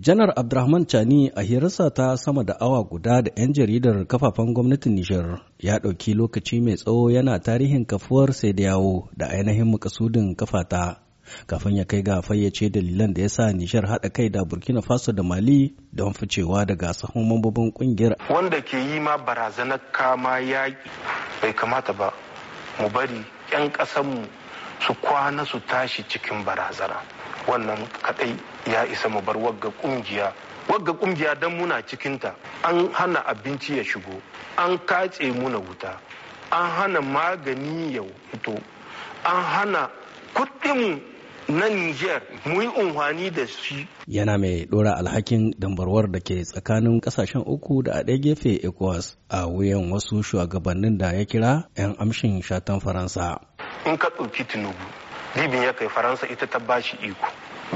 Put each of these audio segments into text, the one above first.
Janar Abdurrahman Chani a hirarsa ta sama da awa guda da 'yan jaridar kafafen gwamnatin Nijar ya ɗauki lokaci mai tsawo yana tarihin kafuwar sai da yawo da ainihin makasudin kafata kafin ya kai ga fayyace dalilan da ya sa Nijar haɗa kai da Burkina Faso da Mali don ficewa daga sahun mambobin ƙungiyar. Wanda ke yi ma barazanar kama yaƙi bai kamata ba mu bari 'yan ƙasanmu su kwana su tashi cikin barazana wannan kadai ya isa mu bar wagga kungiya wagga kungiya dan muna cikinta an hana abinci ya shigo an katse muna wuta an hana magani ya fito an hana kuɗin na Niger mu yi unhwani da shi. Yana mai ɗora alhakin dambarwar da ke tsakanin ƙasashen uku da a ɗaya gefe ECOWAS a wuyan wasu shugabannin da ya kira 'yan amshin shatan Faransa. in ka ɗauki tinubu dibin ya kai faransa ita ta bashi iko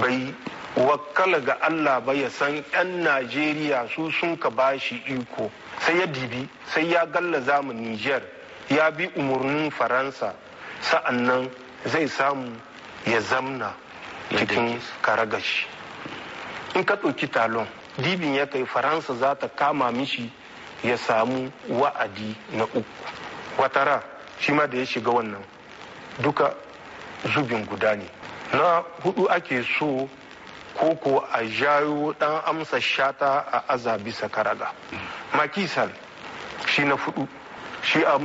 bai wakala ga allah ba ya san 'yan najeriya su sun ka bashi iko sai ya dibi sai ya gallaza mu niger ya bi umarnin faransa sa'annan zai samu ya zamna cikin karagashi in ka ɗauki talon dibin ya kai faransa za ta kama mishi ya samu wa'adi na uku watara shi ma da ya shiga wannan duka zubin guda ne na hudu ake so koko a jayo dan amsa shata a aza bisa karaga makisan shi na hudu shi a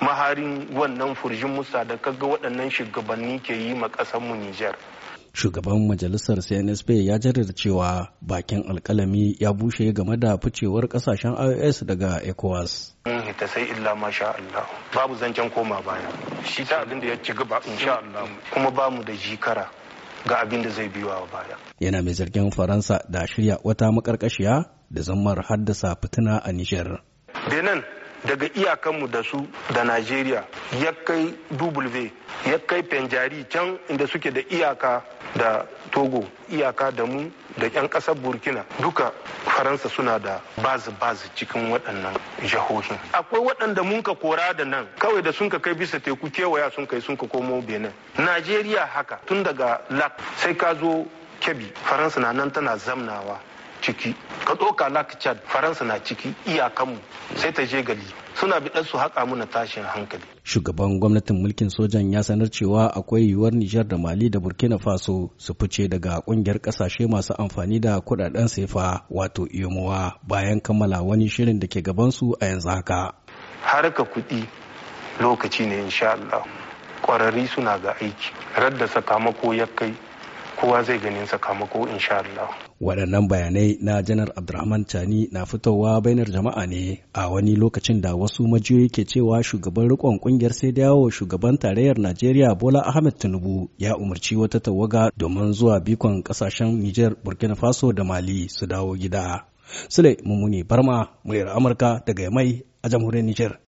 maharin wannan furjin musa da kaga waɗannan shugabanni ke yi ma ƙasar mu nijar shugaban majalisar cnsp ya jaddada cewa bakin alkalami ya bushe game da ficewar kasashen ios daga ecowas ta sai illa ma Allah babu zancen koma baya shi ta abin ya ci gaba insha Allah kuma bamu da jikara ga abin da zai biyo a baya yana mai zargin faransa da shirya wata makarkashiya da zammar haddasa fitina a nijar benin daga iyakanmu da su da Nigeria ya kai W ya kai Penjari can inda suke da iyaka da togo iyaka da mu da 'yan kasar burkina duka faransa suna da bazi-bazi cikin waɗannan jihohin akwai waɗanda mun ka kora da nan kawai da sun ka kai bisa teku kewaya sun kai sun ka komo benin najeriya haka tun daga lak sai ka zo kebi faransa na nan tana zamnawa ciki ka tsoka lak chad faransa na ciki iyakanmu sai ta je gali suna biɗar su haƙa muna tashin hankali shugaban gwamnatin mulkin sojan ya sanar cewa akwai yiwuwar nijar da mali da burkina faso su fice daga ƙungiyar ƙasashe masu amfani da kuɗaɗen sefa wato iyomowa bayan kammala wani shirin da ke gabansu a yanzu haka harka kuɗi lokaci ne insha ƙwararri suna ga aiki radda sakamako ya kai kowa zai ganin sakamako insha Allah. Waɗannan bayanai na janar Abdurrahman Tani na fitowa bainar jama'a ne a wani lokacin da wasu majiyoyi ke cewa shugaban rikon ƙungiyar sai dawo shugaban tarayyar Najeriya Bola Ahmed Tinubu ya umarci wata tawaga domin zuwa bikon ƙasashen Nijar, Burkina Faso da Mali su dawo gida. Sule Mummuni Barma, muryar Amurka daga Mai a jamhuriyar Nijar.